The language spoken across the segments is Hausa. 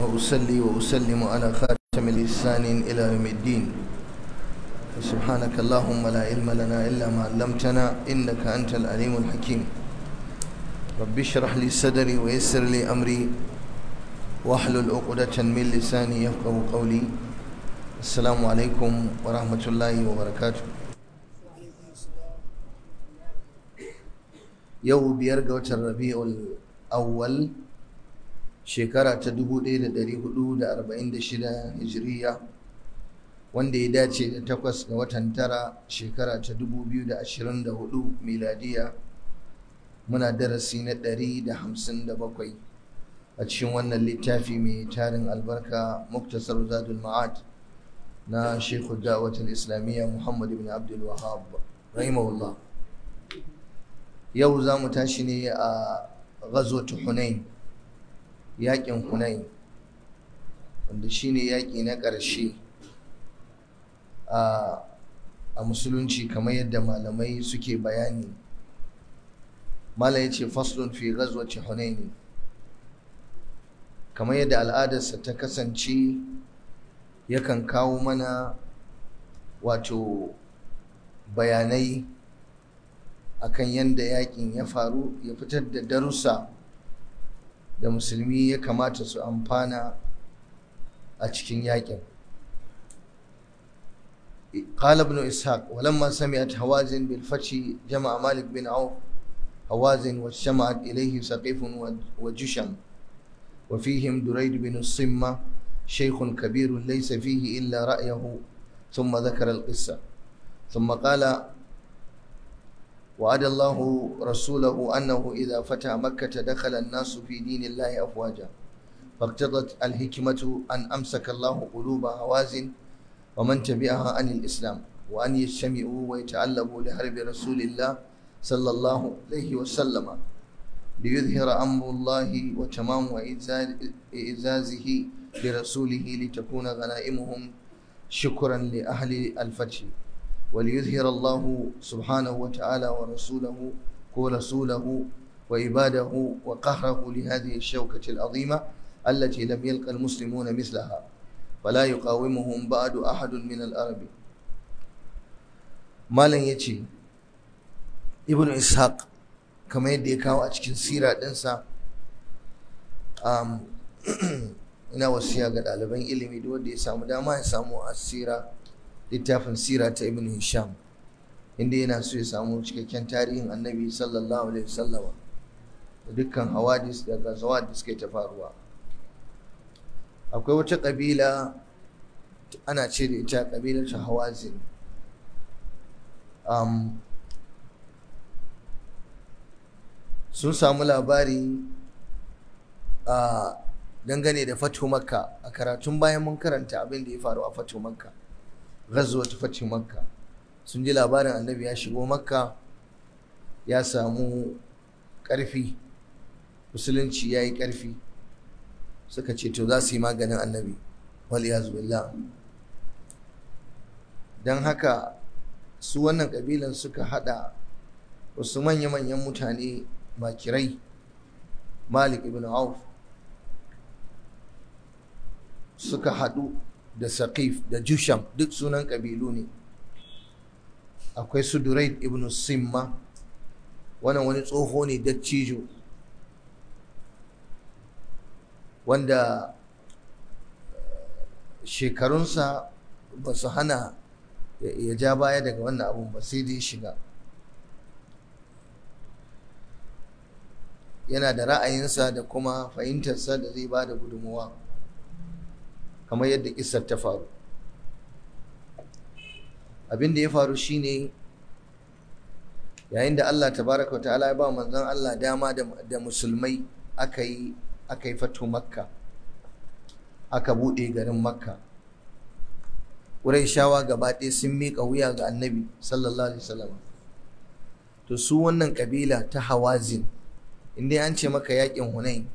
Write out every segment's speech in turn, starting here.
وأصلي وأسلم على خاتم الإحسان إلى يوم الدين سبحانك اللهم لا علم لنا إلا ما علمتنا إنك أنت العليم الحكيم رب اشرح لي صدري ويسر لي أمري واحلل عقدة من لساني يفقه قولي السلام عليكم ورحمة الله وبركاته يوم بيرجع الربيع الأول shekara ta 1446 hijiriya wanda ya dace da takwas ga watan tara shekara ta 2024 miladiya muna darasi na 157 a cikin wannan littafi mai tarin albarka muktasar zadul ma'ad na shekhu da'awatul islamiyya muhammad ibn abdul wahab rahimahullah yau za mu tashi ne a ghazwat hunain yaƙin hunain wanda shine yaƙi na ƙarshe a musulunci kamar yadda malamai suke bayani malam ya ce faslun fi hunai ne. kamar yadda al'adarsa ta kasance yakan kawo mana wato bayanai akan yadda yakin ya faru ya fitar da darussa da musulmi ya kamata su amfana a cikin yakin qala ibn ishaq walamma sami'at hawazin bil fachi jama'a malik bin aw hawazin wa shama'at ilayhi saqifun wa jisham wa fihim durayd bin simma shaykhun kabirun laysa fihi illa ra'yahu thumma dhakara al qissa thumma وعد الله رسوله أنه إذا فتح مكة دخل الناس في دين الله أفواجا فاقتضت الحكمة أن أمسك الله قلوب هوازن ومن تبعها عن الإسلام وأن يجتمعوا ويتعلموا لحرب رسول الله صلى الله عليه وسلم ليظهر أمر الله وتمام إعزازه لرسوله لتكون غنائمهم شكرا لأهل الفتح وليظهر الله سبحانه وتعالى ورسوله ورسوله وعباده وقهره لهذه الشوكة العظيمة التي لم يلقى المسلمون مثلها فلا يقاومهم بعد أحد من العرب malam ya ce ibn ishaq kamar yadda ya kawo a cikin sira ɗinsa ina wasiya ga ɗaliban ilimi duk wanda ya samu dama ya samu asira littafin sira ta ibn hisham inda yana so ya samu cikakken tarihin annabi sallallahu alaihi wasallama da dukkan hawadis da gazawad da suka ta faruwa akwai wata kabila ana ce da ita kabilar ta hawazin sun samu labari dangane da fatu makka a karatun bayan mun karanta abin da ya faru a fatu makka razuwa ta makka sun ji labarin annabi ya shigo makka ya samu ƙarfi musulunci ya yi ƙarfi suka ce to za su yi maganin annabi wal billah don haka su wannan ƙabilan suka haɗa wasu manya-manyan mutane makirai malik ibn auf suka haɗu da saqif da jusham duk sunan ƙabilu ne akwai su duraid ibn simma wannan wani tsoho ne dattijo wanda eh, shekarunsa ba su hana ya ja baya daga wannan abun ba sai dai shiga yana da ra'ayinsa da kuma fahimtarsa da zai ba da gudunmuwa kamar yadda isar ta faru abin da ya faru shine yayin da Allah tabaraka wa ta'ala ya ba manzon Allah dama da musulmai aka yi aka yi fatu makka aka buɗe garin makka Wurin shawa gaba ɗaya sun miƙa wuya ga annabi sallallahu alaihi wasallam to su wannan ƙabila ta hawazin inda an ce maka yaƙin hunain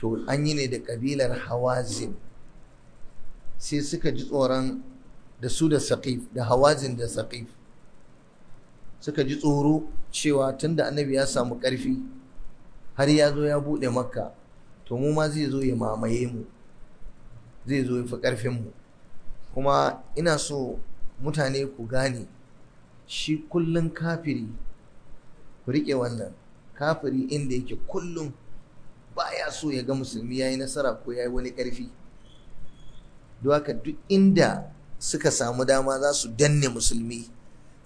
to an yi ne da ƙabilar hawazin sai suka ji tsoron da su da saƙif da hawazin da saƙif suka ji tsoro cewa tunda annabi ya samu ƙarfi har ya zo ya buɗe makka to mu ma zai zo ya mamaye mu zai zo ya fi ƙarfinmu kuma ina so mutane ku gane shi kullum kafiri ku riƙe wannan kafiri inda yake kullum baya so ya ga musulmi ya yi nasara ko ya yi wani ƙarfi haka duk inda suka samu dama za su danne musulmi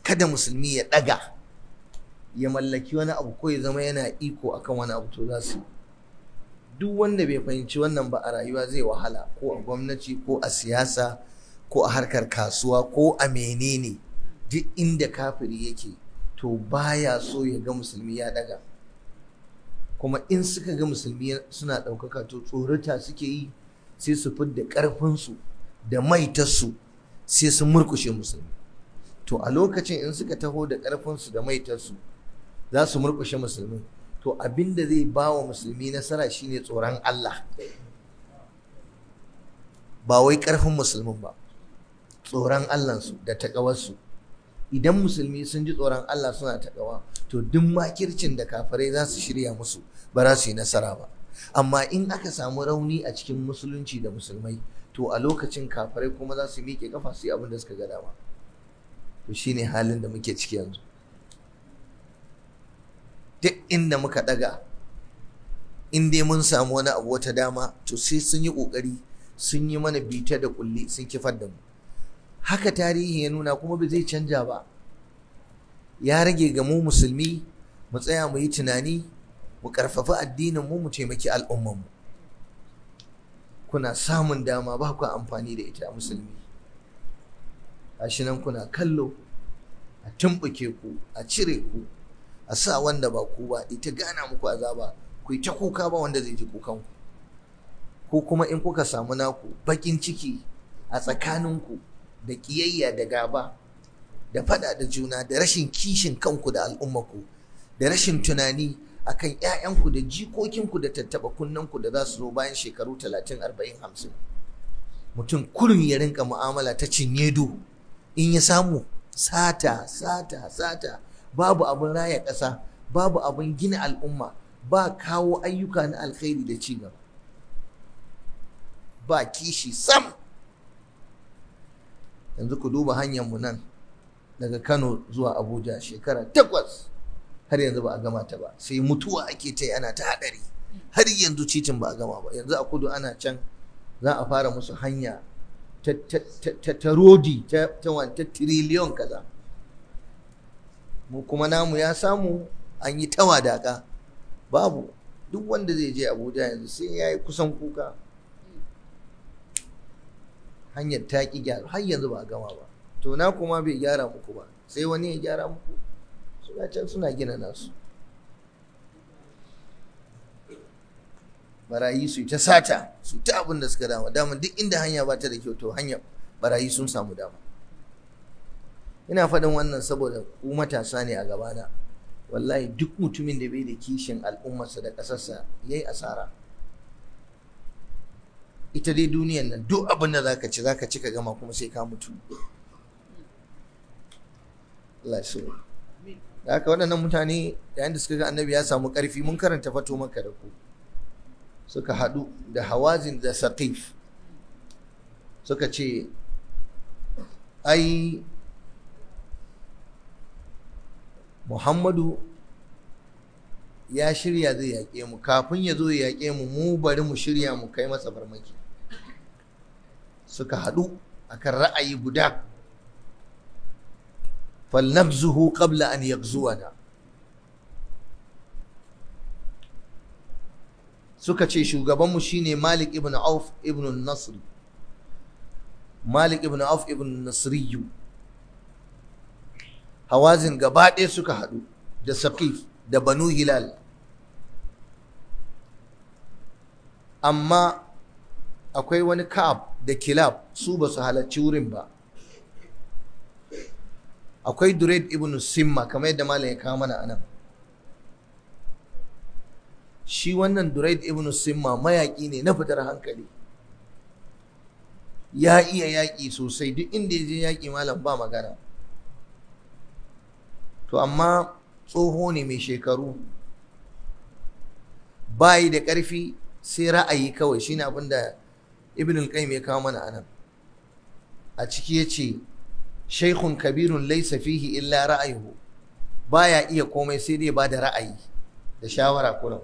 kada musulmi ya ɗaga ya mallaki wani abu ko ya zama yana iko akan wani abu to za su duk wanda bai fahimci wannan ba a rayuwa zai wahala ko a gwamnati ko a siyasa ko a harkar kasuwa ko a menene duk inda kafiri yake to baya so ya ga musulmi ya ɗaga kuma in suka ga musulmi suna ɗaukaka to tsorata suke yi sai su fidda ƙarfinsu da maitarsu sai su murkushe musulmi to a lokacin in suka taho da ƙarfinsu da maitarsu za su murkushe musulmi to abin da zai ba wa musulmi nasara shine tsoron Allah ba wai ƙarfin musulmin ba tsoron Allahnsu da taƙawarsu idan musulmi sun ji tsoron Allah suna taƙawa to duk makircin da kafarai za su shirya musu ba za su yi nasara ba amma in aka samu rauni a cikin musulunci da musulmai to a lokacin kafarai kuma za su miƙe kafa su yi abin da suka ga dama to shine halin da muke ciki yanzu duk inda muka daga in dai mun samu wani abu wata dama to sai sun yi ƙoƙari sun yi mana bita da kulli sun kifar da mu haka tarihi ya nuna kuma ba zai canja ba ya rage ga mu musulmi mu tsaya mu yi tunani mu karfafi addinin mu mu taimaki al'umman mu kuna samun dama ba ku amfani da ita musulmi shi nan kuna kallo a tumbuke ku a cire ku a sa wanda ba ku ba ita gana muku azaba ku ta kuka ba wanda zai ji kukan ku ko kuma in kuka samu naku bakin ciki a tsakanin ku da kiyayya da gaba da fada da juna da rashin kishin kanku da al'ummaku da rashin tunani akan ƴaƴanku da jikokinku da tattaba kunnanku da za su zo bayan shekaru talatin arba'in hamsin, mutum kurin ya rinka mu'amala ta cinye do in ya samu sata sata sata babu abin raya ƙasa babu abin gina al'umma ba kawo ayyuka na alkhairi da ci gaba ba kishi sam yanzu ku duba hanyar mu nan daga Kano zuwa Abuja shekara takwas har yanzu ba a gama ta ba sai mutuwa ake ta ana ta haɗari har yanzu titin ba a gama ba yanzu a kudu ana can za a fara musu hanya ta ta rodi ta tiriliyon kaza mu kuma namu ya samu an yi tawa daka babu duk wanda zai je abuja yanzu sai ya yi kusan kuka hanyar ta ƙi gyara har yanzu ba a gama ba to na kuma bai gyara muku ba sai wani ya gyara muku suna can suna gina nasu barayi su ta sata su ta abin da suka dama dama duk inda hanya ba ta da kyau to hanya barayi sun samu dama ina faɗin wannan saboda ku matasa ne a gabana wallahi duk mutumin da bai da kishin al'ummarsa da ƙasarsa ya yi asara ita dai duniyan nan duk abin da ka ci za ka ci ka gama kuma sai ka mutu da haka waɗannan mutane yayin da suka ga annabi ya samu ƙarfi mun karanta fato maka da ku suka haɗu da hawazin da saqif suka ce ai muhammadu ya shirya zai yaƙe mu kafin ya zo ya yaƙe mu mu bari mu shirya mu kai masa farmaki suka haɗu akan ra'ayi guda falnabzuhu qabla an yaghzuwana suka ce shugabanmu shine Malik ibn Auf ibn Nasr Malik ibn Auf ibn Nasriyu Hawazin gaba ɗaya suka haɗu da Saqif da Banu Hilal amma akwai wani Ka'ab da Kilab su ba su halarci wurin ba akwai Duraid ibn Simma kamar yadda malam ya kawo mana anan shi wannan Duraid ibn Simma mayaƙi ne na fitar hankali ya iya yaƙi sosai duk inda ya je yaƙi malam ba magana to amma tsoho ne mai shekaru bayi da ƙarfi sai ra'ayi kawai shi abin da ibn al ya kawo mana anan a ciki ya ce shaykhun kabirun laysa fihi illa ra'ayuhu baya iya komai sai dai ba da ra'ayi da shawara kullum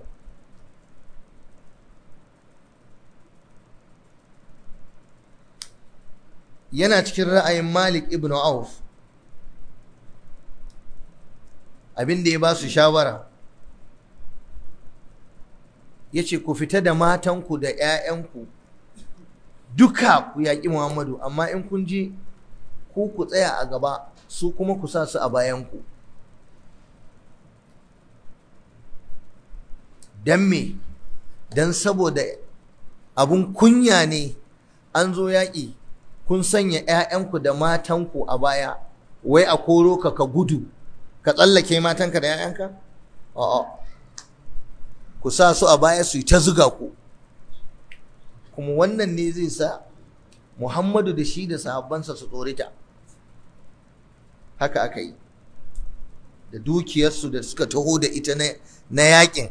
yana cikin ra'ayin Malik ibn Auf abin da ya ba su shawara ya ce ku fita da matanku da 'ya'yanku duka ku yaƙi Muhammadu amma in kun ji ku ku tsaya a gaba su kuma ku sa su a bayanku don me don saboda abun kunya ne an zo yaƙi kun sanya 'ya'yanku da matanku a baya wai a koro ka ka gudu ka tsallake matanka da 'ya'yanka? a'a ku sa su a baya su yi ta zuga ku kuma wannan ne zai sa muhammadu da shi da sahabbansa su tsorita. haka aka yi da dukiyarsu da suka taho da ita na yakin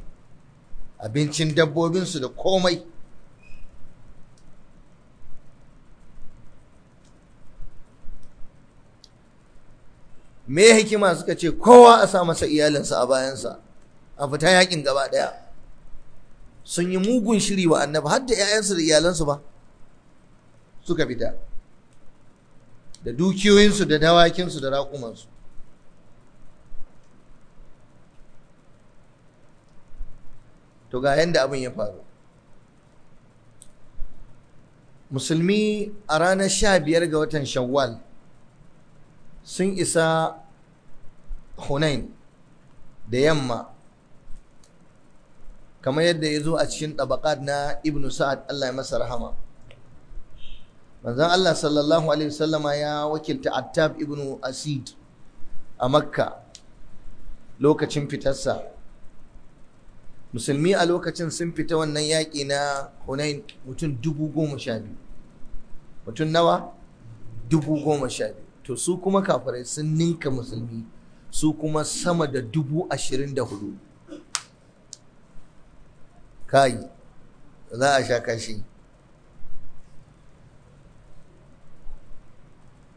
abincin dabbobinsu da komai me hikima suka ce kowa a sa masa iyalinsa a bayansa a fita yakin gaba daya sun yi mugun shiri wa annabi har da 'ya'yansu da iyalansu ba suka fita da dukiyoyinsu da dawakinsu da raƙumansu to ga yadda abin ya faru musulmi a ranar sha biyar ga watan shawwal sun isa hunain da yamma kamar yadda ya zo a cikin ɗabaƙat na ibnu sa'ad allah ya masa rahama manzon Allah sallallahu alaihi wasallama ya wakilta Attab ibn Asid a Makka lokacin fitarsa musulmi a lokacin sun fita wannan yaƙi na Hunain mutum dubu goma sha biyu mutum nawa dubu goma sha biyu to su kuma kafirai sun ninka musulmi su kuma sama da dubu ashirin da hudu kai za a sha kashi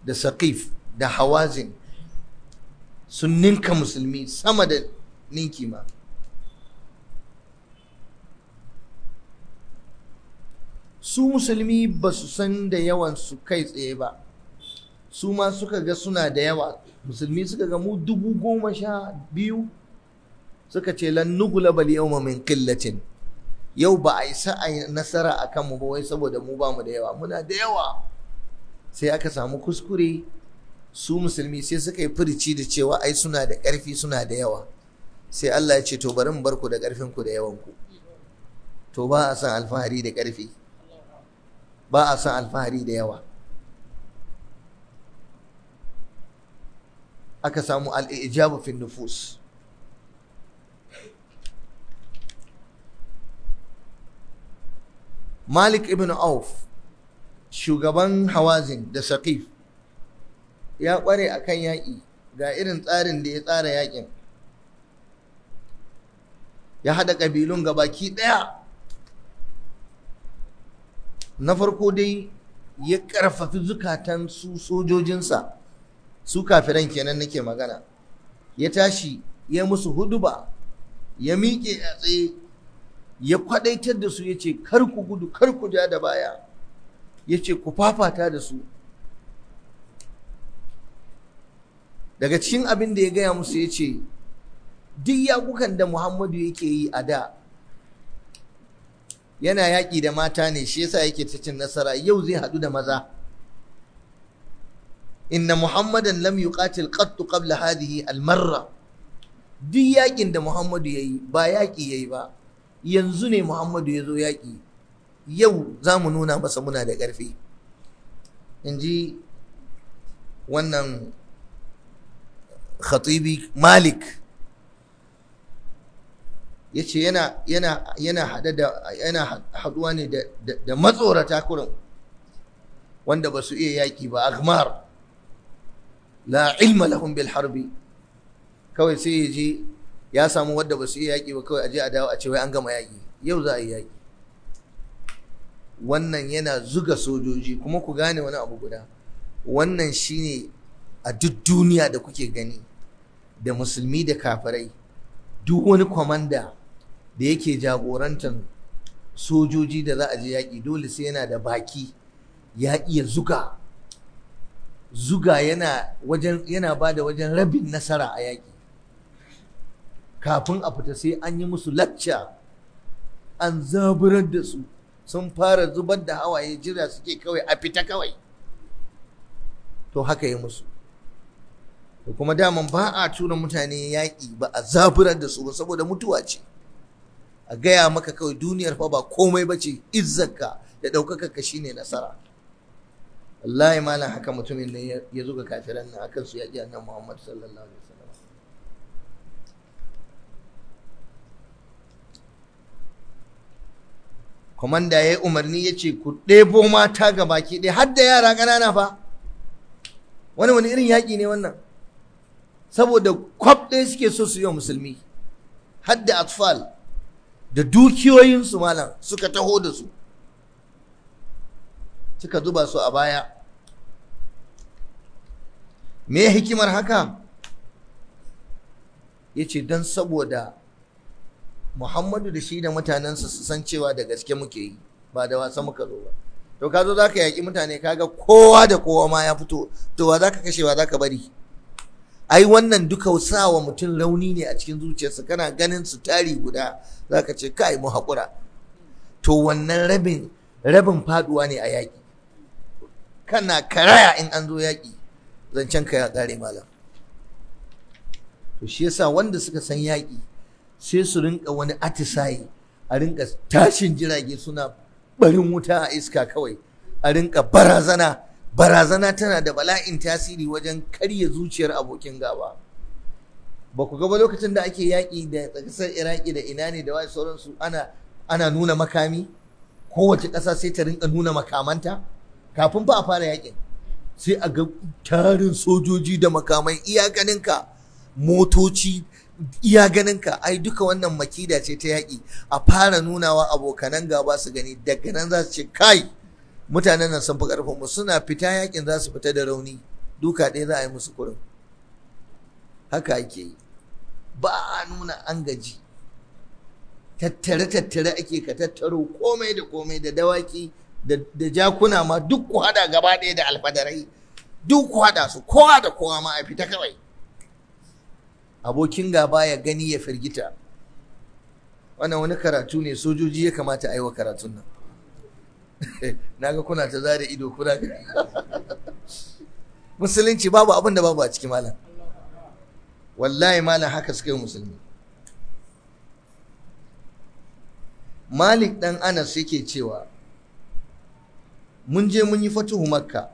da Saqif da Hawazin sun ninka musulmi sama da ninki ma su musulmi ba su san da yawan su kai tsaye ba su ma suka ga suna da yawa musulmi suka ga mu dubu goma sha biyu suka ce lan nugula bal yawma min qillacin yau ba a isa a nasara a kanmu ba wai saboda mu ba mu da yawa muna da yawa sai aka samu kuskure su musulmi sai suka yi furici da cewa ai suna da ƙarfi suna da yawa sai Allah ya ce to bari mu bar ku da ƙarfin ku da yawan ku to ba a san alfahari da ƙarfi ba a san alfahari da yawa aka samu al'ijabu fi nufus Malik ibn Auf shugaban hawazin da saqif ya kware a kan yaƙi ga irin tsarin da ya tsara yaƙin ya haɗa ƙabilun ga baki ɗaya na farko dai ya ƙarfafi zukatan su sojojinsa su kafiran kenan nake magana ya tashi ya musu huduba ya miƙe a tsaye ya kwaɗaitar da su ya ce karku gudu karku ku ja da baya ya ce ku fafata da su daga cikin abin da ya gaya musu ya ce duk yakukan da muhammadu yake yi a da yana yaƙi da mata ne shi yasa yake ta cin nasara yau zai haɗu da maza inna muhammadan lam yuqatil qattu qabla hadhihi almarra duk yaƙin da muhammadu yayi ba yaƙi yayi ba yanzu ne muhammadu ya zo yaƙi yau za mu nuna masa muna da ƙarfi in ji wannan khatibi malik ya ce yana haɗuwa ne da matsorata kurin wanda ba su iya yaƙi ba agmar la ilma lahum bil harbi kawai sai ya je ya samu wadda ba su iya yaƙi ba kawai a je a dawo a ce wai an gama yaƙi yau za a yi yaƙi wannan yana zuga sojoji kuma ku gane wani abu guda wannan shine a duk duniya da kuke gani da musulmi da kafirai duk wani kwamanda da yake jagorantar sojoji da za a je yaƙi dole sai yana da baki ya iya zuga zuga yana wajen yana ba da wajen rabin nasara a yaƙi kafin a fita sai an yi musu lacca an zaburar da su sun fara zubar da hawaye jira suke kawai a fita kawai to haka yi musu to kuma daman ba a tura mutane yaƙi ba a zaburar da su ba saboda mutuwa ce a gaya maka kawai duniyar fa ba komai ba ce izzaka da ɗaukakarka ne nasara wallahi malam haka mutumin ne ya zuga kafiran nan akan su yaƙi annabi Muhammad sallallahu alaihi wasallam komanda ya yi umarni ya ce ku ɗebo mata ga baki ɗaya har da yara ƙanana fa wani wani irin yaƙi ne wannan saboda kwaf ɗaya suke so su yi wa musulmi har da atfal da dukiyoyinsu malam suka taho da su suka zuba su a baya me hikimar haka ya ce don saboda muhammadu da shi da mutanensa su san cewa da gaske muke yi ba da wasa muka zo ba to ka zo za ka yaƙi mutane kaga kowa da kowa ma ya fito to wa za ka kashe wa za ka bari ai wannan duka sa wa mutum rauni ne a cikin zuciyarsa kana ganin su tari guda za ka ce kai mu haƙura to wannan rabin rabin faduwa ne a yaƙi kana karaya in an zo yaƙi zancen ka ya ƙare malam to shi yasa wanda suka san yaƙi sai su rinka wani atisaye, a rinka tashin jirage suna barin wuta a iska kawai a rinka barazana barazana tana da bala'in tasiri wajen karya zuciyar abokin gaba ba ku gaba lokacin da ake yaƙi da ƙasar iraki da ina ne da wai sauransu ana ana nuna makami kowace ƙasa sai ta rinka nuna makamanta kafin ba a fara yaƙin sai a ga tarin sojoji da makamai iyakaninka motoci iya ganinka ai duka wannan makida ce ta yaki. a fara nunawa abokanan gaba su gani daga nan za su ce kai mutanen nan sun fi mu suna fita yakin za su fita da rauni duka ɗaya za a yi musu kurin haka ake yi ba a nuna an gaji tattare tattare ake ka tattaro komai da komai da dawaki da jakuna ma duk ku hada gaba ɗaya da alfadarai duk ku hada su kowa da kowa ma a fita kawai abokin gaba ya gani ya firgita wannan wani karatu ne sojoji ya kamata a yi wa karatun nan Na ga kuna ta zare ido kuna musulunci babu abin da babu a cikin malam wallahi malam haka suka yi musulmi malik dan anas yake cewa mun je mun yi fatuhu makka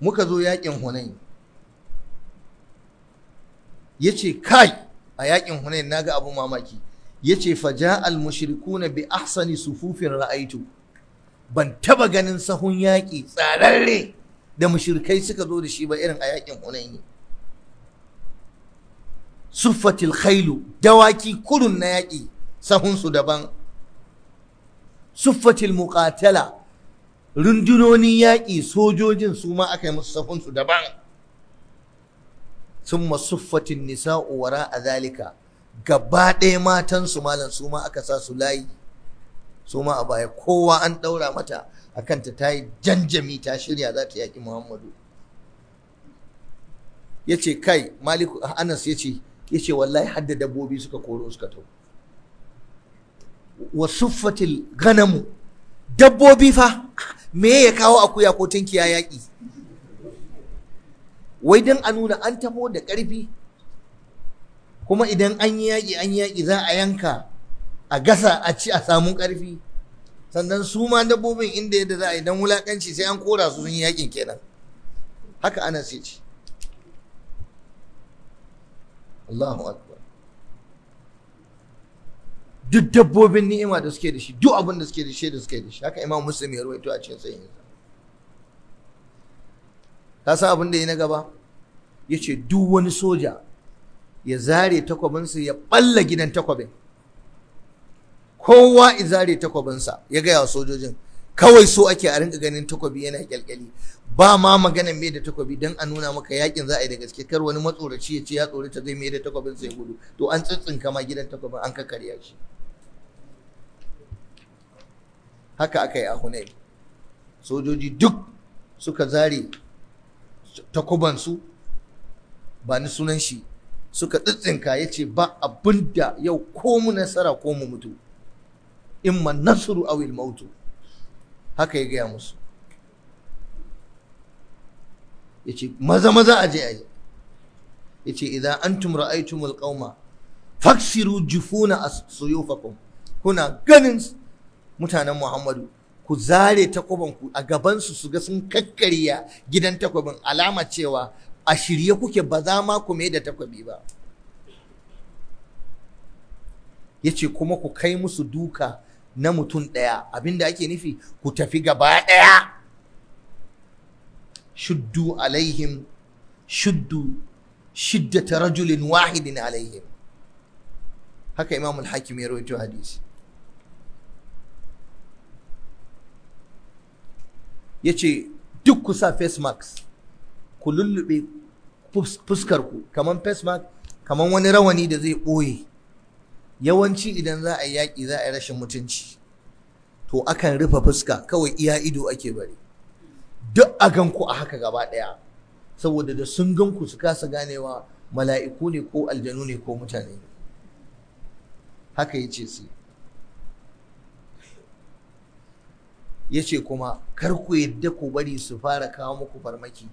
muka zo yakin hunain yace kai a yakin na naga abu mamaki yace faja al mushrikuna bi ahsani sufufin ra'aitu ban taba ganin sahun yaƙi tsararre da mushrikai suka zo da shi ba irin a yakin ne. suffatil khailu dawaki kurun na yaƙi sahunsu daban suffatil muqatala rundunonin yaƙi sojojin su ma aka yi musu sahunsu daban Sun masuffatin nisa'u wara a zalika gaba ɗaya matan su malam su ma aka sa su layi su ma a baya kowa an ɗaura mata a kanta ta yi janjami ta shirya za ta yaƙi muhammadu ya ce kai maliku anas ya ce ya ce wallahi hadda dabbobi suka koro suka tau wa suffatil ganamu dabbobi fa me ya kawo akuya ko ya yaƙi wai don a nuna an taɓo da ƙarfi kuma idan an yi yaƙi an yi yaƙi za a yanka a gasa a ci a samu ƙarfi sannan su ma dabbobin inda yadda za a yi don wulaƙanci sai an kora su sun yi yaƙin kenan haka ana sai ci Allahu Akbar duk dabbobin ni'ima da suke da shi duk abin da suke da shi da suke da shi haka imam muslim ya rawaito a cikin sahihinsa ka san abin da yi na gaba ya ce duk wani soja ya zare takwabinsa ya balla gidan takwabin kowa ya zare takwabinsa ya gaya wa sojojin kawai so ake a rinka ganin takwabi yana kyalkyali ba ma magana mai da takwabi don a nuna maka yakin za a yi da gaske kar wani matsoraci ya ce ya ta zai mai da takwabin sai gudu to an tsintsin kama gidan takwabin an karya shi haka aka yi a hunayi sojoji duk suka zare takubansu ba ni sunan shi suka tsitsinka ya ce ba abin da yau ko mu nasara ko mu mutu in ma nasuru awil mautu haka ya gaya musu ya ce maza maza a je a yi ya ce idan antum ra'aitumul qauma faksiru jufuna a suyufakum kuna ganin mutanen Muhammadu ku zare ku a gabansu su ga sun kakkarya gidan takobin alama cewa a shirye kuke ba za ma ku mai da takobi ba ya ce kuma ku kai musu duka na mutum ɗaya abinda ake nufi ku tafi gaba ɗaya shuddu alaihim shuddu shiddata rajulin wahidin alaihim haka imamul hakim ya rawaito hadisi ya ce duk ku sa face mask ku lullube fuskar ku kamar face mask kamar wani rawani da zai ɓoye yawanci idan za a yi yaƙi za a yi rashin mutunci to akan rufe fuska kawai iya ido ake bari duk a ganku a haka gaba ɗaya saboda da sun ganku su kasa ganewa mala'iku ne ko aljanu ne ko mutane haka ya ce su ya ce kuma kar ku yadda ku bari su fara kawo muku farmaki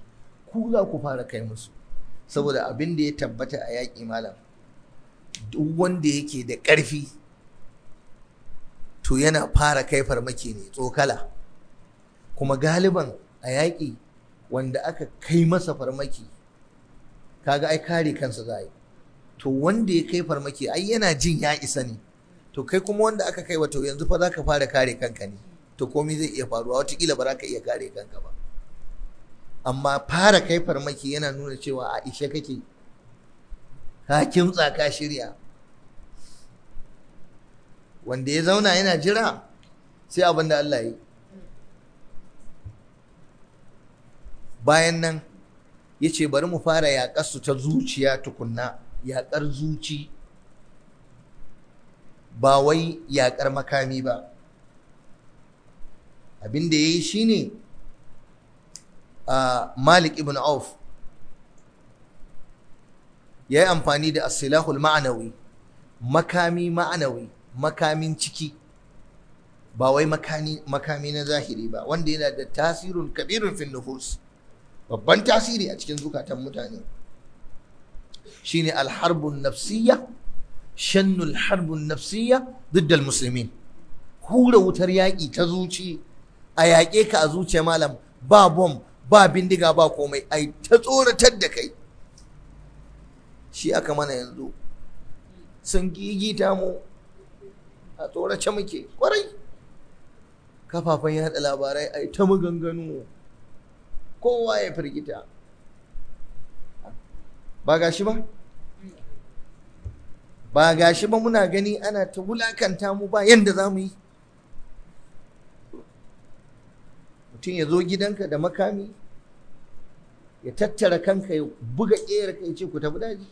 ku za ku fara kai musu saboda abin da ya tabbata a yaƙi malam duk wanda yake da ƙarfi to yana fara kai farmaki ne tsokala kuma galiban a yaƙi wanda aka kai masa farmaki kaga ai kare kansa za to wanda ya kai farmaki ai yana jin ya isa ne to kai kuma wanda aka kai wato yanzu fa za ka fara kare kanka ne to komai zai iya faruwa wataƙila ba za ka iya kare kanka ba amma fara kai farmaki yana nuna cewa a ishe kake ka kimtsa ka shirya wanda ya zauna yana jira sai abin da Allah yi bayan nan yace ce bari mu fara yaƙar su ta zuciya tukunna yaƙar zuci ba wai yaƙar makami ba abin da ya yi shi ne ah, malik ibn auf ya yi amfani da asilahul ma'anawi makami ma'anawi makamin ciki ba wai makami na zahiri ba wanda yana da tasirin kabirin fin nufus babban tasiri a cikin zukatan mutane shine alharbun nafsiyya shannul harbun nafsiyya diddal musulmin hura wutar yaƙi ta zuci a yaƙe ka a zuciya malam ba bom ba bindiga ba komai ai ta tsoratar da kai shi aka mana yanzu sun gigita mu a tsorace muke kwarai kafafen yada labarai ai ta maganganu kowa ya firgita ba gashi ba ba gashi ba muna gani ana ta wulakanta mu ba yadda za mu yi mutum ya zo gidanka da makami ya tattara kanka ya buga ƙera ka ya ce ku tafi daji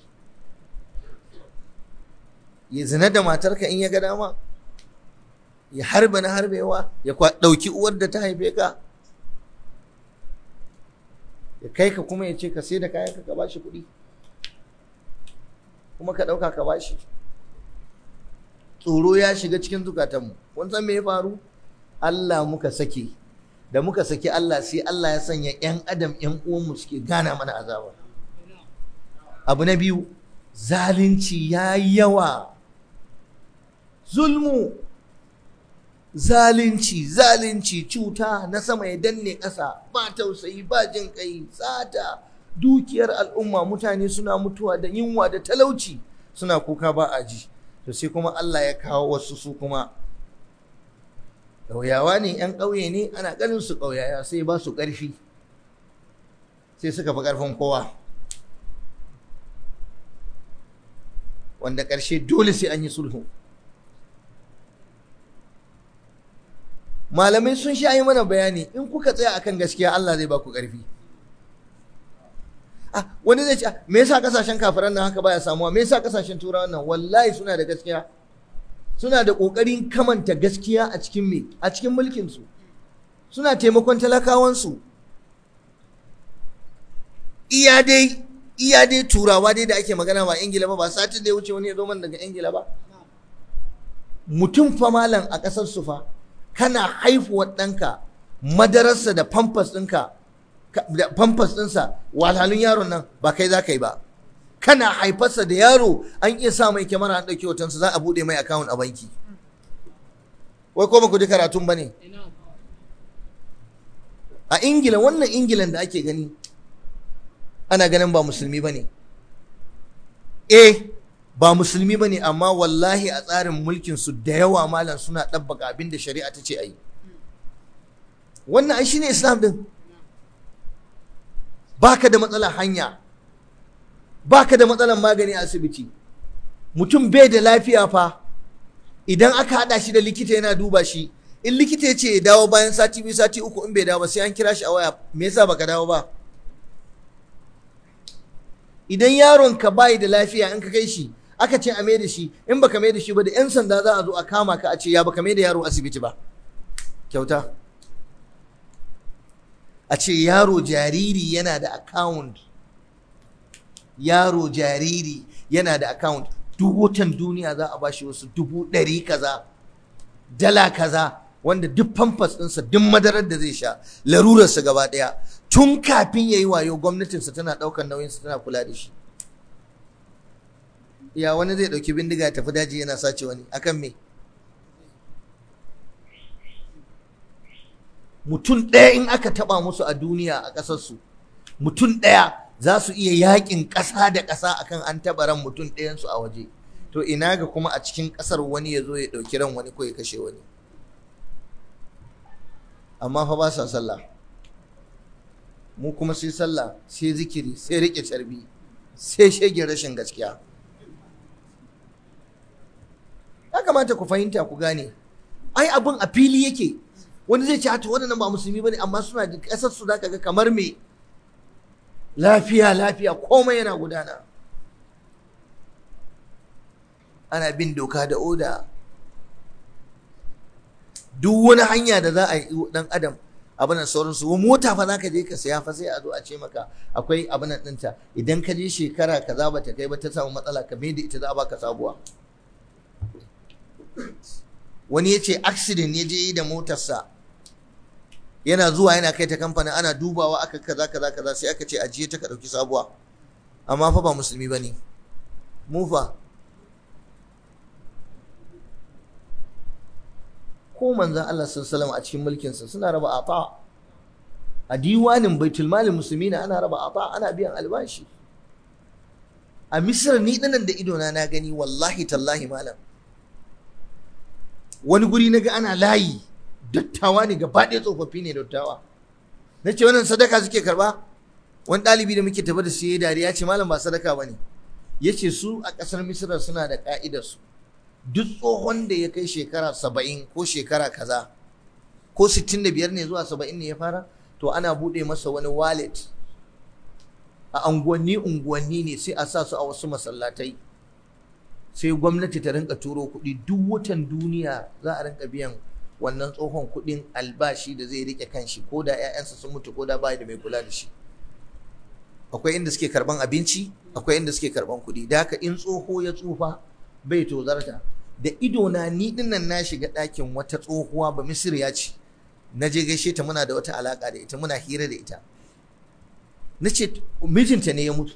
ya zina da matarka in ya ga dama ya harba na harbewa ya ɗauki uwar da ta haife ka ya kai ka kuma ya ce ka sai da kayan ka ba shi kuɗi kuma ka ɗauka ka ba shi tsoro ya shiga cikin zukatanmu wanzan san me ya faru Allah muka sake da muka saki Allah sai Allah ya sanya ‘yan adam ‘yan uwanmu suke gana mana azaba. Abu na biyu, zalunci ya yawa, zulmu, zalunci, zalunci, cuta na sama ya danne ƙasa, ba tausayi, ba jin ƙai, tsata, dukiyar al'umma mutane suna mutuwa da yunwa da talauci suna kuka ba a ji. To sai kuma Allah ya kawo wasu su kuma. ƙauyawa ne yan ƙauye ne ana ganin su ƙauyaya sai ba su ƙarfi sai suka fi ƙarfin kowa wanda ƙarshe dole sai an yi sulhu malamai sun sha yi mana bayani in kuka tsaya akan gaskiya Allah zai baku ƙarfi ah wani zai ce ah, me yasa kasashen kafiran nan haka baya samuwa me yasa kasashen turawan nan wallahi suna da gaskiya suna da ƙoƙarin kamanta gaskiya a cikin me a cikin mulkinsu suna taimakon talakawansu iya dai iya dai turawa dai da ake magana ba ingila ba ba satin da ya wuce wani ya zo man daga ingila ba mutum fa malam a ƙasar su fa kana haifuwar ɗanka madararsa da pampas ɗinka pampas ɗinsa wahalhalun yaron nan ba kai za ka yi ba kana haifarsa da yaro an iya sa mai kyamara an ɗauki hotonsa za a buɗe mai akawun a banki wai ko ku ji karatun ba ne a ingila wannan ingilan da ake gani ana ganin ba musulmi ba ne eh ba musulmi ba ne amma wallahi a tsarin mulkinsu da yawa malam suna ɗabbaka abin da shari'a ta ce a yi wannan ai shine islam din baka da matsala hanya baka da matsalan magani a asibiti mutum bai da lafiya fa idan aka haɗa shi da likita yana duba shi in likita ya ce ya dawo bayan sati biyu sati uku in bai dawo ba sai an kira shi a waya me yasa baka dawo ba idan yaron ka bai da lafiya in ka kai shi aka ce a da shi in baka mai da shi ba da 'yan sanda za a zo a kama ka a ce ya baka mai yaro asibiti ba kyauta a ce yaro jariri yana da account yaro jariri yana da account duk wutan duniya za a bashi wasu dubu ɗari kaza dala kaza wanda duk famfas ɗinsa duk madarar da zai sha larurarsa gaba ɗaya tun kafin ya yi wayo gwamnatinsa tana ɗaukar nauyinsa tana kula da shi ya wani zai ɗauki bindiga ya tafi daji yana sace wani akan me mutum ɗaya in aka taɓa musu a duniya a ƙasarsu mutum ɗaya za su iya yakin ƙasa da ƙasa akan an taɓa ran mutum ɗayansu a waje to ina ga kuma a cikin ƙasar wani ya zo ya ɗauki ran wani ko ya kashe wani amma fa ba sa sallah mu kuma sai sallah sai zikiri sai riƙe carbi sai shege rashin gaskiya ya kamata ku fahimta ku gane ai abin a fili yake wani zai ce hata ah, waɗannan ba musulmi bane amma suna ƙasar su zaka ga kamar me lafiya lafiya komai yana gudana ana bin doka da oda duk wani hanya da za a yi dan adam abinan sauransu wa mota fa za ka je ka saya fa sai a zo a ce maka akwai abinan ɗinta idan ka je shekara za ba ta kai ba ta samu matsala ka mai da ita za a baka sabuwa wani ya ce accident ya je yi da motarsa yana zuwa yana kai ta kamfanin ana dubawa aka kaza kaza kaza sai aka ce ajiye ta ka dauki sabuwa amma fa ba musulmi bane mu fa ko manzon Allah sallallahu a cikin mulkin sa suna raba ata a diwanin baitul malin musulmi na ana raba ata ana biyan albashi a misir ni dinan da idona na gani wallahi tallahi malam wani guri na ga ana layi dattawa ne gaba ɗaya tsofaffi ne dattawa na ce wannan sadaka suke karba wani ɗalibi da muke tafi da su yayi dariya ce malam ba sadaka ba ne ya ce su a ƙasar misira suna da ƙa'idar su duk tsohon da ya kai shekara saba'in ko shekara kaza ko sittin da biyar ne zuwa saba'in ne ya fara to ana buɗe masa wani walet. a unguwanni unguwanni ne sai a sa su a wasu masallatai sai gwamnati ta rinka turo kuɗi duk watan duniya za a rinka biyan wannan tsohon kuɗin albashi da zai rike kanshi ko da 'ya'yansa sun mutu ko da bai da mai kula da shi akwai inda suke karban abinci akwai inda suke karban kuɗi da haka in tsoho ya tsufa bai tozarta da idona ni dinnan na shiga ɗakin wata tsohuwa ba misiriya ce na je gaishe ta muna da wata alaka da ita muna hira da ita na ce mijinta ne ya mutu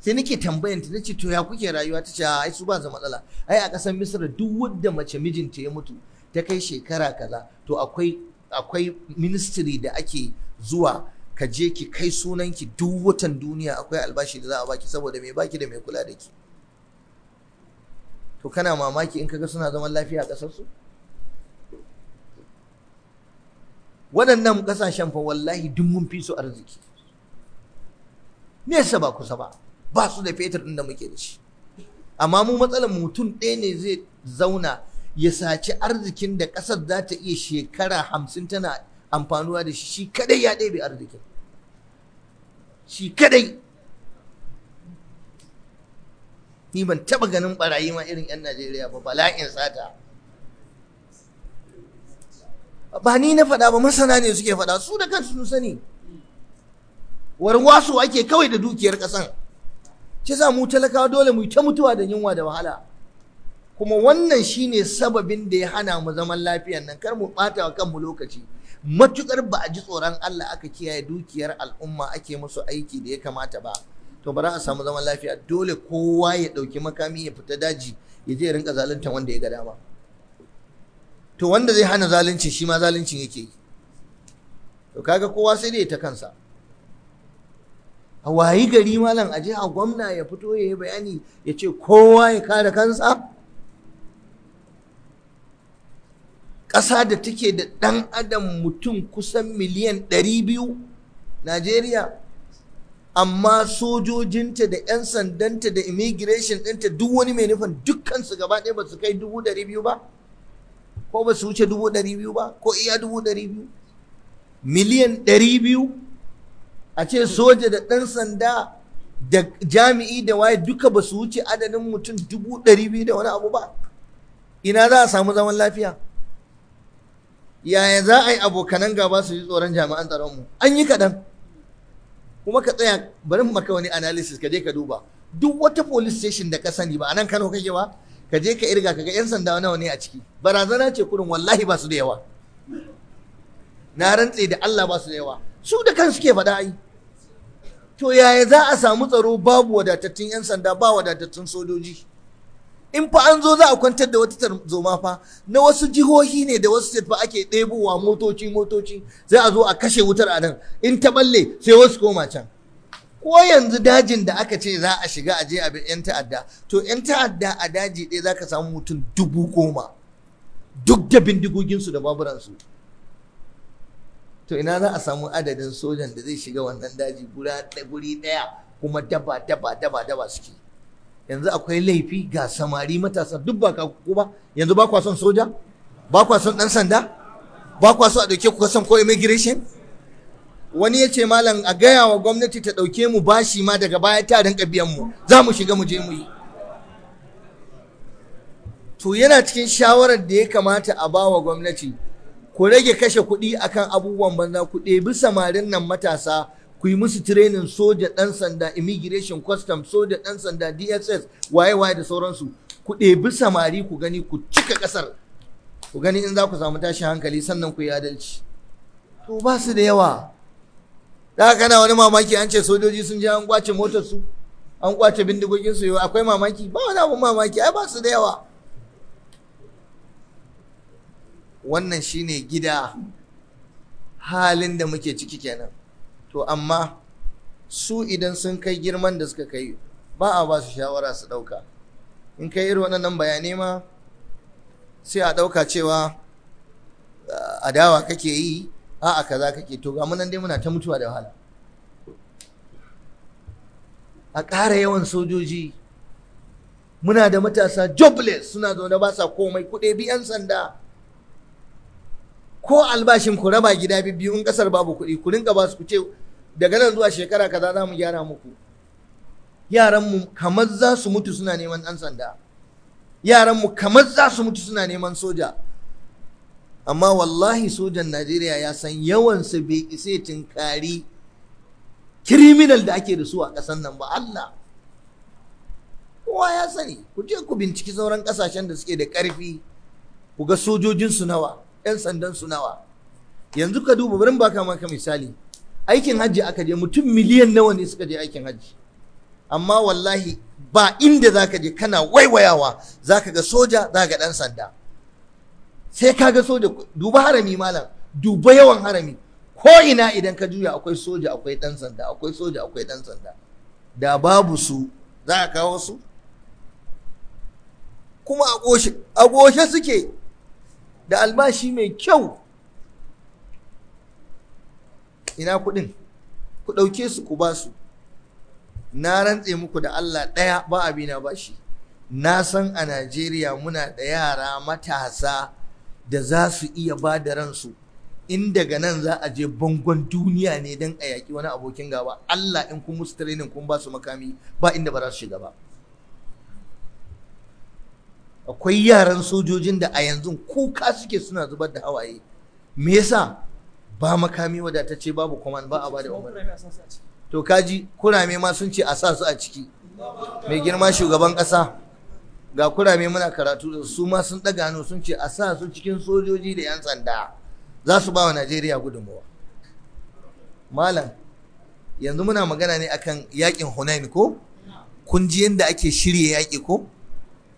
sai nake tambayan ta nace to ya kuke rayuwa ta ce ai su ba za matsala ai a ƙasar Misira duk wanda mace mijinta ya mutu ta kai shekara kaza to akwai akwai ministry da ake zuwa ka je ki kai sunanki duk watan duniya akwai albashi da za a baki saboda mai baki da mai kula da ki to kana mamaki in kaga suna zaman lafiya a ƙasar su waɗannan ƙasashen fa wallahi duk mun fi su arziki nesa ba kusa ba ba su da fetur ɗin da muke da shi amma mu matsalar mutum ɗaya ne zai zauna ya saci arzikin da ƙasar za ta iya shekara hamsin tana amfanuwa da shi shi kadai ya ɗebe arzikin shi kadai ni ban taɓa ganin barayi ma irin 'yan najeriya ba bala'in sata ba ni na faɗa ba masana ne suke faɗa su da kansu sun sani warwasu ake kawai da dukiyar ƙasan shi sa mu talakawa dole mu ta mutuwa da yunwa da wahala kuma wannan shine sababin da ya hana mu zaman lafiyan nan kar mu bata wa kanmu lokaci matukar ba a ji tsoron Allah aka kiyaye dukiyar al'umma ake musu aiki da ya kamata ba to ba a samu zaman lafiya dole kowa ya dauki makami ya fita daji ya je ya rinka zalunta wanda ya ga dama to wanda zai hana zalunci shi ma zaluncin yake yi to kaga kowa sai dai ta kansa a wayi gari malam a jiha gwamna ya fito ya yi bayani ya ce kowa ya kare kansa ƙasa da take da ɗan adam mutum kusan miliyan 200 najeriya amma sojojinta da 'yan sandanta da immigration ɗinta duk wani mai nufin dukkansu gaba ɗaya ba su kai 200 ba ko ba su wuce 200 ba ko iya 200 miliyan 200 a ce soja da ɗan sanda da jami'i da waye duka ba su wuce adadin mutum dubu ɗari biyu da wani abu ba ina za a samu zaman lafiya yaya za a yi abokanan gaba su yi tsoron jami'an tsaron mu? an yi kaɗan kuma ka tsaya bari maka wani analysis ka je ka duba duk wata police station da ka sani ba anan kano kake ba ka je ka irga ka ga 'yan sanda nawa ne a ciki barazana ce kurin wallahi ba su da yawa na rantse da allah ba su da yawa su da kan suke faɗa ai to yaya za a samu tsaro babu wadatattun 'yan sanda ba wadatattun sojoji in fa an zo za a kwantar da wata tarzoma fa na wasu jihohi ne da wasu dafa ake ɗebowa motoci motoci za a zo a kashe wutar a nan in ta balle sai wasu koma can ko yanzu dajin da aka ce za a shiga a je a bi 'yan ta'adda to 'yan ta'adda a daji ɗaya za ka samu mutum dubu goma duk da bindigoginsu da baburansu to ina za a samu adadin sojan da zai shiga wannan daji guri ɗaya kuma daba daba daba daba suke yanzu akwai laifi ga samari matasa duk ba ka ku ba yanzu ba kwa son soja ba kwa son ɗan sanda ba kwa so a ɗauke ku ko immigration wani ya ce malam a gaya wa gwamnati ta ɗauke mu bashi ma daga baya ta rinka biyan mu za mu shiga mu je mu yi to yana cikin shawarar da ya kamata a ba wa gwamnati ku rage kashe kuɗi akan abubuwan banza ku ɗebi samarin nan matasa ku yi musu training soja ɗan sanda immigration custom soja ɗan sanda dss waye waye da sauransu ku ɗebi samari ku gani ku cika ƙasar ku gani in za ku samu tashin hankali sannan ku yi adalci to ba su da yawa da kana wani mamaki an ce sojoji sun je an kwace motar su an kwace bindigogin su akwai mamaki ba wani abun mamaki ai ba su da yawa wannan shine gida halin da muke ciki kenan to amma su idan sun kai girman da suka kai ba a ba su shawara su ɗauka in kai irin waɗannan bayanai ma sai a ɗauka cewa a ah, adawa kake yi a'a kaza kake to ga munan dai muna ta mutuwa da wahala a ƙara yawan sojoji muna da matasa jobless suna zaune ba sa komai kuɗe biyan sanda ko albashin ku raba gida biyu in kasar babu kuɗi ku rinka ba su ku ce daga nan zuwa shekara kaza za mu gyara muku yaranmu kamar za su mutu suna neman ɗan sanda yaranmu kamar za su mutu suna neman soja amma wallahi sojan najeriya ya san yawan yawansa bai isa tinkari kiriminal da ake da su a ƙasar nan ba allah kowa ya sani ku je ku binciki sauran ƙasashen da suke da ƙarfi ku ga sojojinsu nawa 'yan sandan su nawa yanzu ka duba barin baka maka misali aikin hajji aka je mutum miliyan nawa ne suka je aikin hajji amma wallahi ba inda zaka je kana waiwayawa zaka ga soja zaka ga dan sanda sai ka ga soja duba harami malam duba yawan harami ko ina idan ka juya akwai soja akwai dan sanda akwai soja akwai dan sanda da babu su za ka kawo su kuma a goshe suke da albashi mai kyau ina kuɗin ku ɗauke su ku basu. na rantse muku da Allah ɗaya ba abina ba shi na san a Najeriya muna da yara matasa da za su iya ba da ransu in daga nan za a je bangon duniya ne don a yaƙi wani abokin gaba Allah in kun musu training kun ba su makami ba inda ba za su shiga ba akwai yaran sojojin da a yanzu kuka suke suna zubar da hawaye me yasa ba makami wadatacce babu command ba a ba da umar to kaji kurame ma sun ce a sa su a ciki mai girma shugaban ƙasa ga kurame muna karatu da su ma sun ɗaga hannu sun ce a sa su cikin sojoji da 'yan sanda za su ba wa najeriya gudunmawa malam yanzu muna magana ne akan yakin hunain ko kun ji yadda ake shirya yaki ko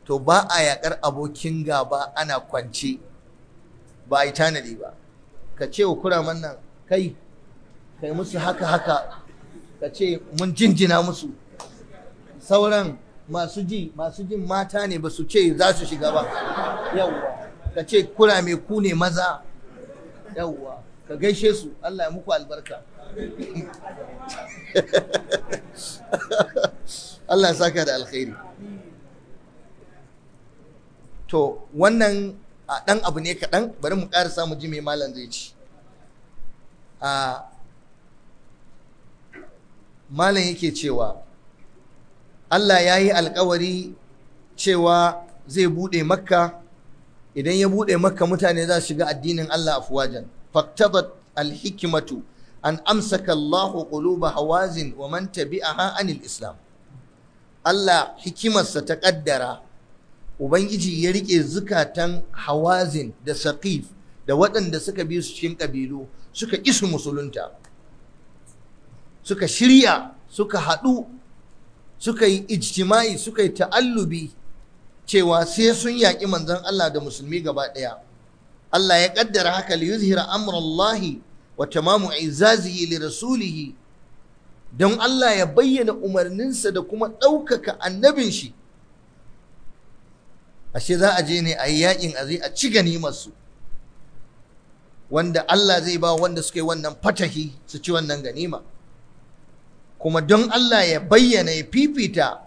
to ba a yaƙar abokin gaba ana kwance ba a yi tanadi ba ka ce wa kuraman nan kai kai musu haka haka ka ce mun jinjina musu sauran masu ji masu jin mata ne ba su ce za su shiga ba yawwa ka ce kurame ku ne maza yawwa ka gaishe su Allah ya muku albarka Allah ya saka da alkhairi to wannan ɗan abu ne kaɗan bari mu ƙara samu ji mai malam zai ci malam yake cewa Allah ya yi alkawari cewa zai buɗe makka idan ya buɗe makka mutane za su shiga addinin Allah wajen. faktabat alhikimatu an amsaka Allahu quluba hawazin wa man tabi'aha anil islam Allah hikimarsa ta ƙaddara. ubangiji ya rike zukatan hawazin da saqif da waɗanda suka bi su cikin ƙabilu suka isu musulunta suka shirya suka haɗu suka yi ijtima'i suka yi ta'allubi cewa sai sun yaƙi manzon Allah da musulmi gaba ɗaya Allah ya ƙaddara haka li yuzhira amrallahi wa tamamu izazihi li rasulihi don Allah ya bayyana umarninsa da kuma ɗaukaka annabin shi ashe za a je ne a yi yakin a zai a ci ganimarsu wanda Allah zai ba wanda suka yi wannan fatahi su ci wannan ganima kuma don Allah ya bayyana ya fifita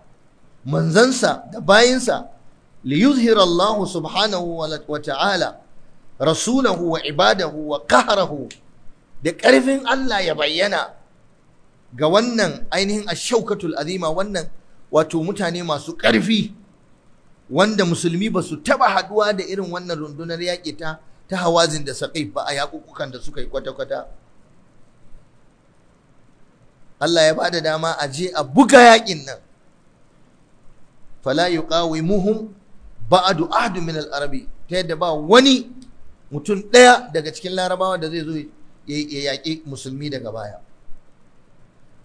manzansa da bayinsa li yuzhira Allah subhanahu wa ta'ala rasulahu wa ibadahu wa qahrahu da ƙarfin Allah ya bayyana ga wannan ainihin ashaukatul azima wannan wato mutane masu ƙarfi wanda musulmi ba su taɓa haɗuwa da irin wannan rundunar yaƙi ta ta hawazin da saƙif ba a yaƙuƙukan da suka yi kwata-kwata Allah ya ba da dama a je a buga yaƙin nan fala yuqawimuhum ba'adu ahdu min al-arabi ta yadda ba wani mutum ɗaya daga cikin larabawa da zai zo ya yaƙi musulmi daga baya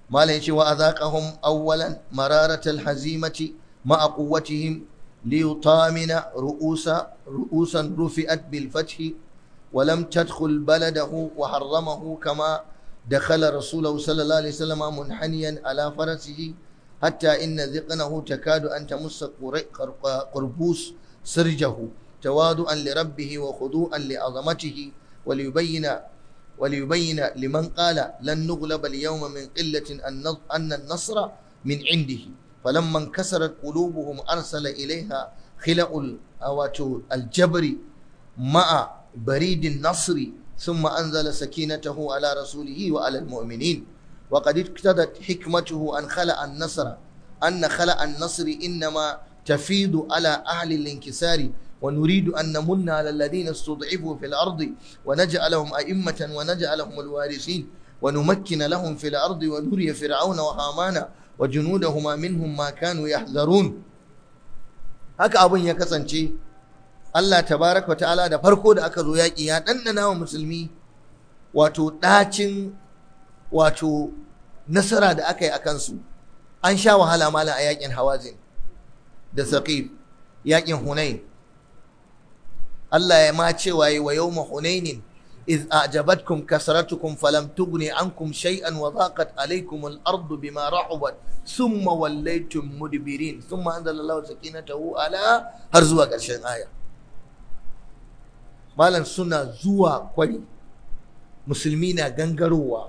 malam ya ce wa azaqahum awwalan mararatal hazimati ma'a quwwatihim ليطامن رؤوس رؤوسا رفئت بالفتح ولم تدخل بلده وحرمه كما دخل رسوله صلى الله عليه وسلم منحنيا على فرسه حتى إن ذقنه تكاد أن تمس قربوس سرجه تواضعا لربه وخضوعا لعظمته وليبين وليبين لمن قال لن نغلب اليوم من قلة أن النصر من عنده فلما انكسرت قلوبهم أرسل إليها خلع آه، الجبر مع بريد النصر ثم أنزل سكينته على رسوله وعلى المؤمنين وقد اقتضت حكمته أن خلع النصر أن خلع النصر إنما تفيض على أهل الانكسار ونريد أن نمن على الذين استضعفوا في الأرض ونجعلهم أئمة ونجعلهم الوارثين ونمكن لهم في الأرض ونري فرعون وهامان wa junudahuma humamin ma kanu yahzarun haka abin ya kasance Allah tabaraka ta'ala da farko da aka zo yaƙi ya ɗanɗana wa musulmi wato ɗacin wato nasara da aka yi a kansu an sha wahala malam a yaƙin hawazin da saqif yaƙin hunain Allah ya ma cewa yi wa yawma hunainin إذ أعجبتكم كثرتكم فلم تغن عنكم شيئا وضاقت عليكم الأرض بما رحبت ثم وليتم مدبرين ثم أنزل الله سكينته على هرزوا قرشين آية مالا سنة زوا قوي مسلمين غنغروا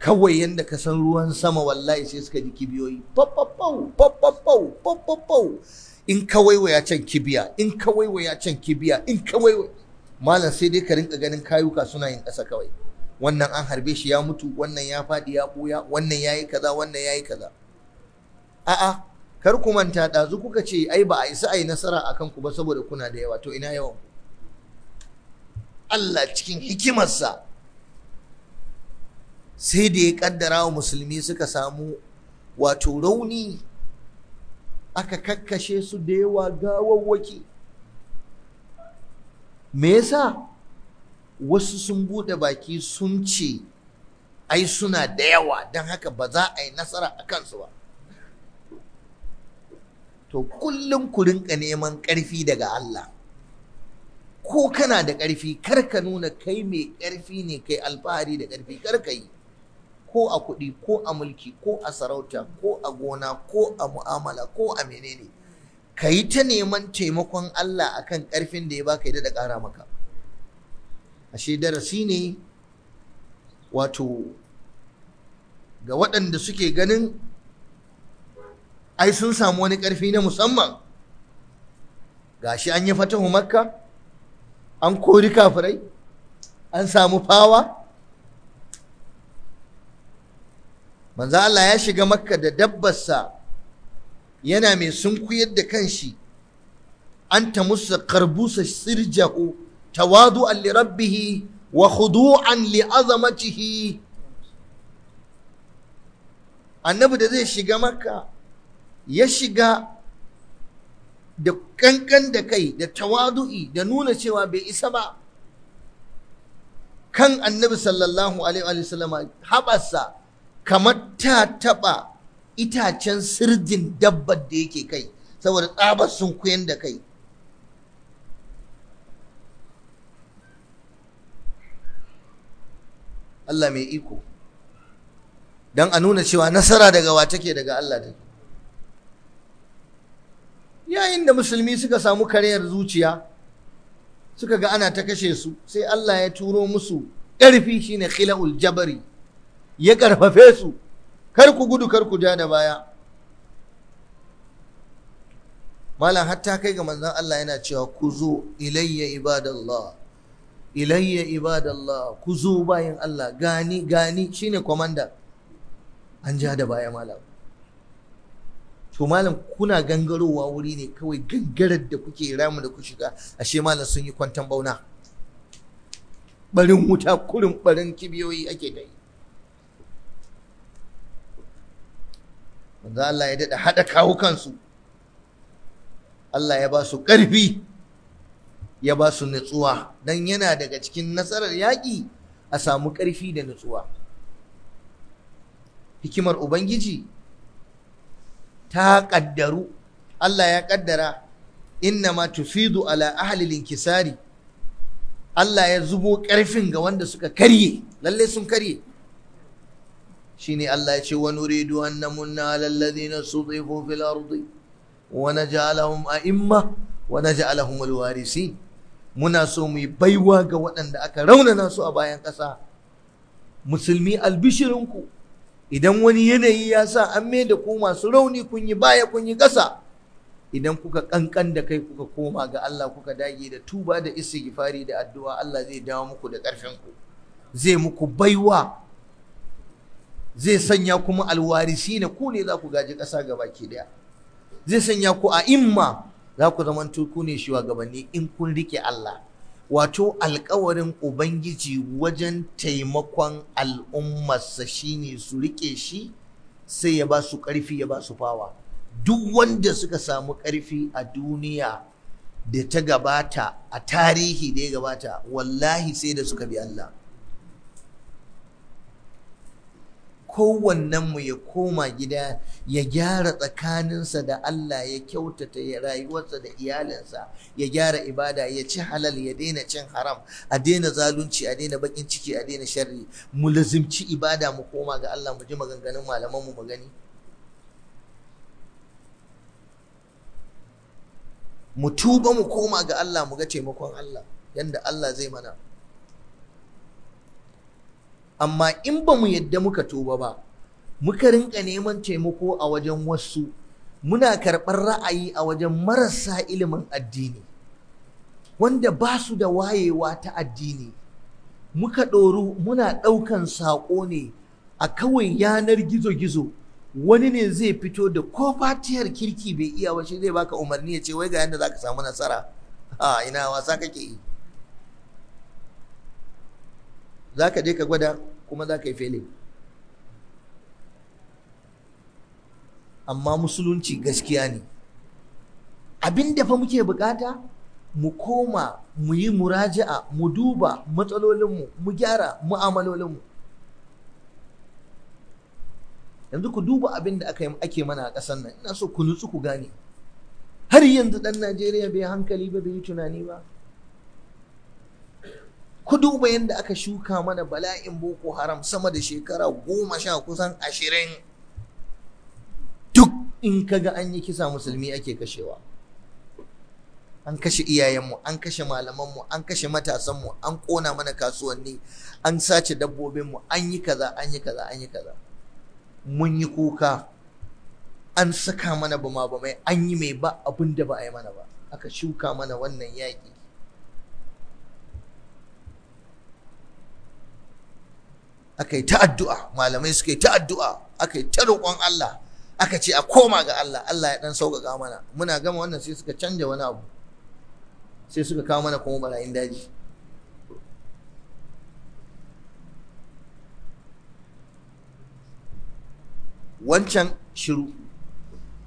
kawai yadda ka san ruwan sama wallahi sai suka ji kibiyoyi papapau papapau papapau in kawai waya can kibiya in kawai waya can kibiya in kawai waya malam sai dai ka rinka ganin kayuka suna yin ƙasa kawai wannan an harbe shi ya mutu wannan ya faɗi ya ɓuya wannan ya yi kaza wannan ya yi kaza a'a kar ku manta ɗazu kuka ce ai ba a isa a yi nasara a kanku ba saboda kuna da yawa to ina yawan Allah cikin hikimarsa sai da ya ƙaddarawa wa musulmi suka samu wato rauni aka kakkashe su da yawa gawawwaki me yasa wasu sun bude baki sun ce ai suna da yawa don haka ba za a yi nasara a kansu ba to kullum ku rinka neman ƙarfi daga Allah ko kana da ƙarfi kar ka nuna kai mai ƙarfi ne kai alfahari da ƙarfi kar ka yi ko a kuɗi ko a mulki ko a sarauta ko a gona ko a mu'amala ko a menene ka yi ta neman taimakon Allah a kan ƙarfin da ya baka ya daɗa ƙara maka ashe darasi ne wato ga waɗanda suke ganin ai sun samu wani ƙarfi na musamman gashi an yi fatahu makka an kori kafirai an samu fawa manzo Allah ya shiga makka da dabbarsa yana mai sunkuyar da kanshi an ta musa karbusa sirjahu tawadu'an li rabbihi wa khudu'an li azamatihi annabi da zai shiga makka ya shiga da kankan da kai da tawadu'i da nuna cewa bai isa ba kan annabi sallallahu alaihi wasallama haɓarsa kamar ta taɓa itacen sirjin dabbar da yake kai saboda tsabar sun kuyan da kai Allah mai iko don a nuna cewa nasara daga wa take daga Allah ke. yayin da musulmi suka samu karyar zuciya suka ga ana ta kashe su sai Allah ya turo musu ƙarfi shine khila'ul jabari ya ƙarfafe su kar ku gudu kar ku ja da baya malam hatta kai ga manzon Allah yana cewa ku zo ilayya ibadallah ilayya ibadallah ku zo bayan Allah gani gani shine komanda an ja da baya malam to malam kuna gangarowa wuri ne kawai gangarar da kuke ramu da ku shiga ashe malam sun yi kwantan bauna barin wuta kurin barin kibiyoyi ake dai manzo Allah ya daɗa haɗa kawukansu Allah ya ba su ƙarfi ya ba su nutsuwa don yana daga cikin nasarar yaƙi a samu ƙarfi da nutsuwa hikimar ubangiji ta ƙaddaru Allah ya ƙaddara inna ma tufidu ala ahlil kisari. Allah ya zubo ƙarfin ga wanda suka karye lallai sun karye shine Allah ya ce wa nuridu an namunna ala alladhina sutifu fil ardi wa naj'alahum a'imma wa naj'alahum alwarisin muna so mu yi baiwa ga waɗanda aka raunana su a bayan ƙasa musulmi albishirinku idan wani yanayi ya sa an mai da ku masu rauni kun yi baya kun yi ƙasa idan kuka ƙanƙan da kai kuka koma ga Allah kuka dage da tuba da istighfari da addu'a Allah zai dawo muku da ƙarfinku zai muku baiwa zai sanya kuma alwarisi na ku ne za ku gaji ƙasa gaba ke daya zai sanya ku a imma za ku zama ku ne wa in kun rike Allah wato alkawarin ubangiji wajen taimakon al'ummarsa ne su rike shi sai ya ba su ƙarfi ya ba su fawa duk wanda suka samu ƙarfi a duniya da ta gabata a tarihi da ya gabata wallahi sai da suka bi Allah kowannen mu ya koma gida ya gyara tsakaninsa da Allah ya kyautata ya rayuwarsa da iyalinsa ya gyara ibada ya ci halal ya daina cin haram a daina zalunci a daina bakin ciki a daina sharri mu lazimci ibada mu koma ga Allah mu ji maganganun malaman mu magani mu tuba mu koma ga Allah mu ga taimakon Allah yanda Allah zai mana amma in ba mu yadda muka tuba ba muka rinka neman taimako a wajen wasu muna karɓar ra'ayi a wajen marasa ilimin addini wanda ba su da wayewa ta addini muka ɗoru muna ɗaukan saƙo ne a kawai yanar gizo-gizo wani ne zai fito da ko fatiyar kirki bai iya ba shi zai baka umarni ya ce wai ga yadda za ka samu nasara a ina wasa kake yi za ka je ka gwada kuma za ka yi fele, amma musulunci gaskiya ne abin da fa muke bukata mu koma mu yi muraja'a mu duba matsalolinmu mu gyara mu'amalolinmu yanzu ku duba abin da ake mana a ƙasar nan ina so ku nutsu ku gane har yanzu ɗan najeriya bai hankali ba bai yi tunani ba ku duba yadda aka shuka mana bala'in boko haram sama da shekara goma sha kusan ashirin duk in kaga an yi kisa musulmi ake kashewa an kashe iyayenmu an kashe malamanmu an kashe matasanmu an kona mana kasuwanni an sace dabbobinmu an yi kaza an yi kaza an yi kaza mun yi kuka an saka mana bama bamai an yi mai ba abin da ba a yi mana ba aka shuka mana wannan yaƙi aka yi ta addu'a malamai suka yi ta addu'a aka yi ta roƙon Allah aka ce a koma ga Allah Allah ya dan sauƙaƙa mana muna gama wannan sai suka canja wani abu sai suka kawo mana kuma barayin daji wancan shiru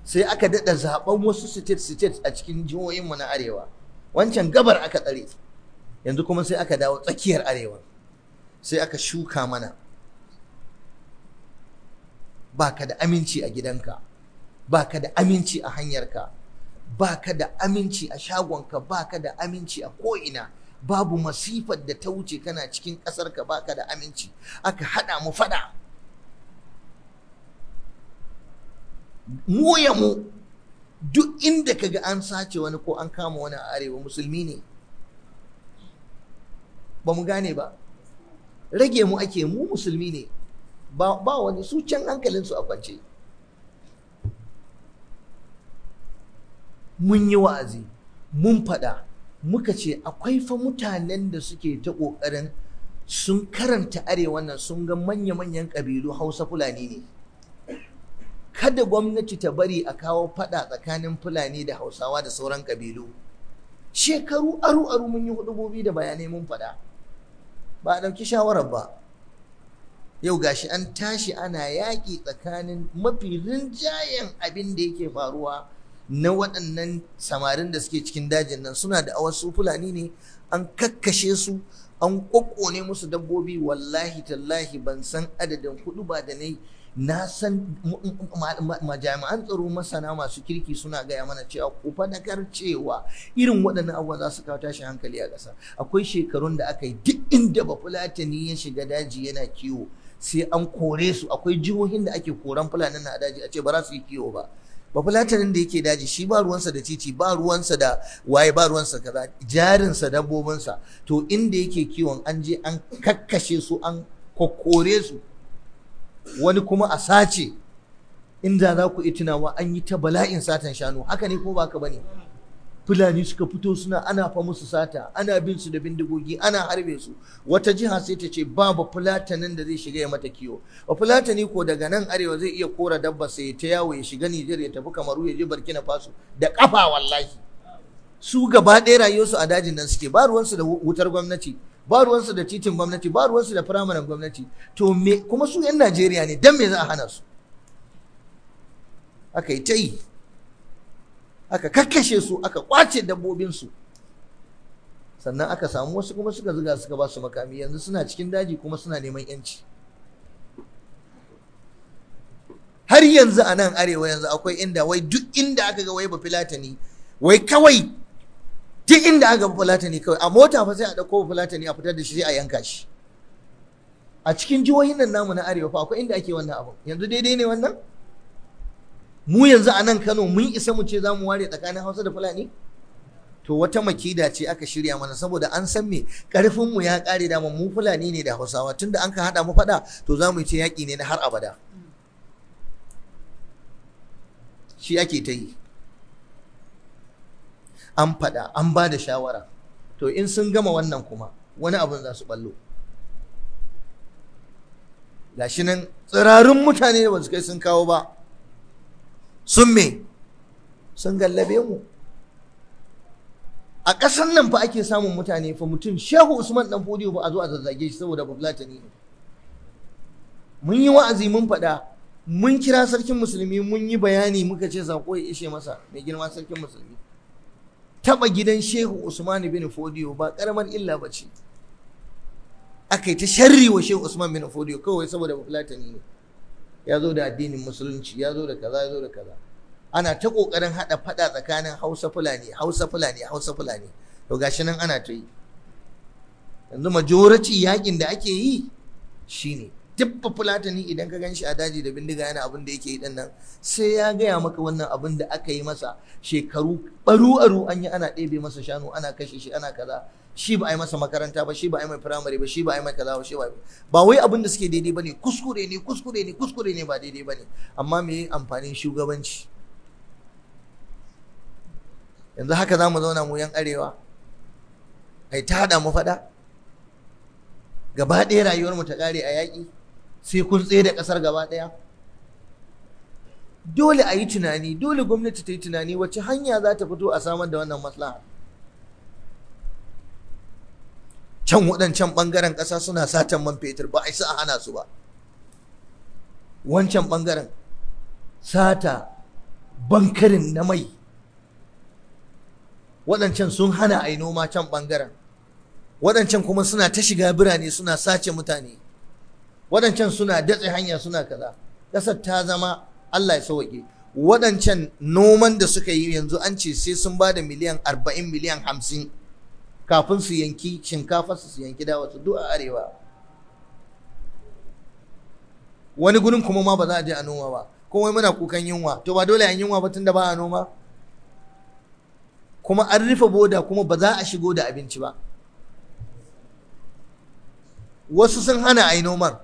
sai aka daɗa zaben wasu state-state a cikin mu na arewa wancan gabar aka tsare yanzu kuma sai aka dawo tsakiyar arewa sai aka shuka mana baka da aminci a gidanka baka da aminci a hanyarka baka da aminci a shagonka baka da aminci a ko'ina babu masifar da ta wuce kana cikin ƙasarka baka da aminci aka haɗa mu faɗa mu ya mu duk inda kaga an sace wani ko an kama wani a arewa musulmi ne ba mu gane ba rage mu ake mu musulmi ne ba wani su can hankalinsu a kwance mun yi wa'azi mun faɗa muka ce akwai fa mutanen da suke ta ƙoƙarin sun karanta arewa nan sun ga manya-manyan ƙabilu hausa fulani ne kada gwamnati ta bari a kawo faɗa tsakanin fulani da hausawa da sauran ƙabilu shekaru aru-aru mun yi hudubobi da bayanai mun faɗa ba a ɗauki shawarar ba yau gashi an tashi ana yaƙi tsakanin mafi rinjayen abin da yake faruwa na waɗannan samarin da suke cikin dajin nan suna da awar su fulani ne an kakkashe su an ƙwaƙƙone musu dabbobi wallahi tallahi ban san adadin kuɗi ba da nai na san majami'an tsaro masana masu kirki suna gaya mana cewa ku fadakar cewa irin waɗannan abubuwa za su kawo tashin hankali a ƙasa akwai shekarun da aka yi duk inda fulatani ya shiga daji yana kiwo sai an kore su akwai jihohin da ake koran fulani na daji a ce ba za su yi kiwo ba ba fulatanin da yake daji shi ba ruwansa da titi ba ruwansa da waye ba ruwansa kaza jarinsa dabbobinsa to inda yake kiwon an je an kakkashe su an kokkore su wani kuma a sace inda za ku yi tunawa an yi ta bala'in satan shanu haka ne ko ba ka bane fulani suka fito suna ana fa musu sata ana bin su da bindigogi ana harbe su wata jiha sai ta ce babu fulatanin da zai shiga ya mata kiwo Ba fulatani ko daga nan arewa zai iya kora dabba sai ta yawo ya shiga Nijar ya tafi Kamaru ya je Burkina Faso da kafa wallahi su gaba ɗaya rayuwarsu a dajin nan suke ba ruwansu da wutar gwamnati ba ruwansu da titin gwamnati ba ruwansu da firamaren gwamnati to me kuma su 'yan Najeriya ne dan me za a hana su aka yi ta yi aka kakkashe su aka kwace dabbobinsu sannan aka samu wasu kuma suka zuga suka ba su makami yanzu suna cikin daji kuma suna neman yanci har yanzu a nan arewa yanzu akwai inda wai duk inda aka ga wai ba filatani wai kawai duk inda aka ga filatani kawai a mota fa sai a dauko filatani a fitar da shi sai a yanka shi a cikin jihohin nan namu na arewa fa akwai inda ake wannan abu yanzu daidai ne wannan mu yanzu a nan Kano mun isa mu ce za mu ware tsakanin Hausa da Fulani to wata makida ce aka shirya mana saboda an san me karfin mu ya kare da mu Fulani ne da Hausawa tunda an ka hada mu fada to za mu ce yaki ne na har abada shi ake ta yi an fada an ba da shawara to in sun gama wannan kuma wani abin za su ballo gashi nan tsirarun mutane da ba su kai sun kawo ba sun me sun gallabe mu a ƙasar nan fa ake samun mutane fa mutum shehu usman ɗan fodiyo ba a zo a zazzage shi saboda bafulatani ne mun yi wa'azi mun faɗa mun kira sarkin musulmi mun yi bayani muka ce sako ya ishe masa mai girma sarkin musulmi taɓa gidan shehu usman bin fodiyo ba ƙaramar illa ba ce aka yi ta sharri wa shehu usman bin fodiyo kawai saboda bafulatani ne ya zo da addinin musulunci ya zo da kaza ya zo da kaza ana ta kokarin hada fada tsakanin hausa fulani hausa fulani hausa fulani to gashi nan ana ta yi yanzu majoraci yakin da ake yi shine dubba fulatani idan ka ganshi a daji da bindiga yana abin da yake yi nan sai ya gaya maka wannan abin da aka yi masa shekaru baru aru an yi ana ɗebe masa shanu ana kashe shi ana kaza shi ba a yi masa makaranta ba shi ba a yi mai firamare ba shi ba a yi mai kaza ba shi ba ba wai abin da suke daidai bane kuskure ne kuskure ne kuskure ne ba daidai bane amma me amfanin shugabanci yanzu haka za mu zauna mu yan arewa ai ta haɗa mu faɗa gaba ɗaya rayuwar mu ta ƙare a yaƙi sai kun tsaye da ƙasar gaba ɗaya dole a yi tunani dole gwamnati ta yi tunani wacce hanya za ta fito a samar da wannan maslaha can waɗancan ɓangaren ƙasa suna satan man fetur ba a isa a hana su ba wancan ɓangaren sata bankarin na mai waɗancan sun hana a yi noma can ɓangaren waɗancan kuma suna ta shiga birane suna sace mutane waɗancan suna datse hanya suna kaza ƙasar ta zama Allah ya sauwaƙe waɗancan noman da suka yi yanzu an ce sai sun ba da miliyan arba'in miliyan hamsin kafin su yanki shinkafa su yanki dawa su du'a arewa wani gurin kuma ma ba za a je a noma ba kuma muna kukan yunwa to ba dole an yunwa ba tunda ba a noma kuma an rufe boda kuma ba za a shigo da abinci ba wasu sun hana a yi nomar.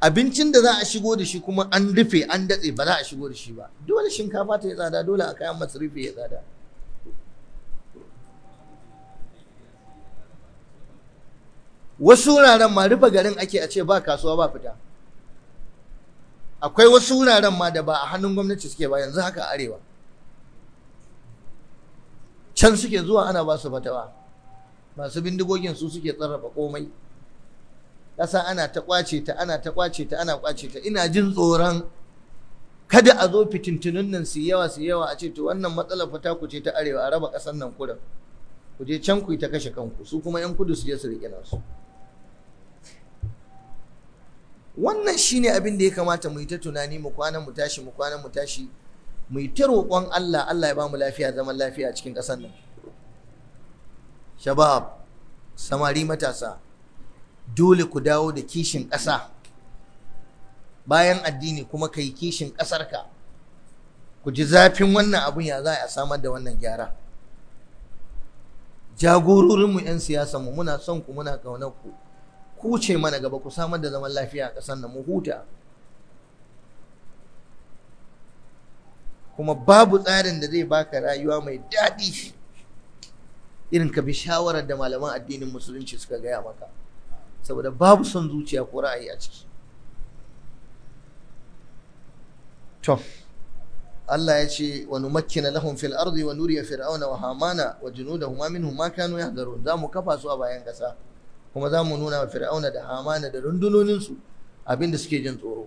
abincin da za a shigo da shi kuma an rufe an datse ba za a shigo da shi ba dole shinkafa ta yi tsada dole a kayan masarufi ya tsada wasu wuraren ma rufe garin ake a ce ba kasuwa ba fita akwai wasu wuraren ma da ba a hannun gwamnati suke ba yanzu haka arewa can suke zuwa ana ba su fatawa masu bindigogin su suke tsarrafa komai ƙasa ana ta kwace ta ana ta kwace ta ana kwace ta ina jin tsoron kada a zo fitintunun nan su yawa su yawa a ce to wannan matsalar fata ku ce ta arewa a raba ƙasar nan kudan ku je can ku yi ta kashe kanku su kuma yan kudu su je su riƙe nasu wannan shine abin da ya kamata mu yi ta tunani mu kwana mu tashi mu kwana mu tashi mu yi ta roƙon Allah Allah ya ba mu lafiya zaman lafiya a cikin ƙasar nan shabab samari matasa dole ku dawo da kishin ƙasa bayan addini kuma kai kishin ƙasar ka ku ji zafin wannan abun ya za a samar da wannan gyara jagororinmu 'yan mu muna son ku muna ƙaunar ku ku ce mana gaba ku samar da zaman lafiya a ƙasar nan mu huta kuma babu tsarin da zai baka rayuwa mai daɗi irin ka bi shawarar da malaman addinin musulunci suka gaya maka saboda babu son zuciya ko ra'ayi a ciki to Allah ya ce wa numakkina lahum fil ardi wa nuriya fir'auna wa hamana wa junudahuma minhum ma kanu yahdarun za mu kafa su a bayan kasa kuma za mu nuna wa fir'auna da hamana da rundunoninsu abinda suke jin tsoro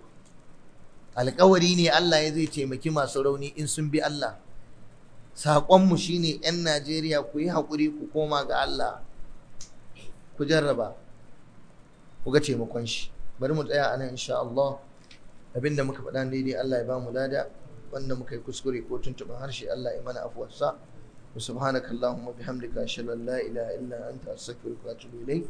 alkawari ne Allah ya zai taimaki masu rauni in sun bi Allah saƙonmu shine 'yan Najeriya ku yi haƙuri ku koma ga Allah ku jarraba ku ga taimakon shi bari mu tsaya anan insha Allah abinda muka faɗa daidai Allah ya ba mu lada wanda muka yi kuskure ko tuntuɓin harshe Allah ya mana afuwarsa wa subhanakallahumma bihamdika ashhadu an la ilaha illa anta astaghfiruka wa atubu ilayk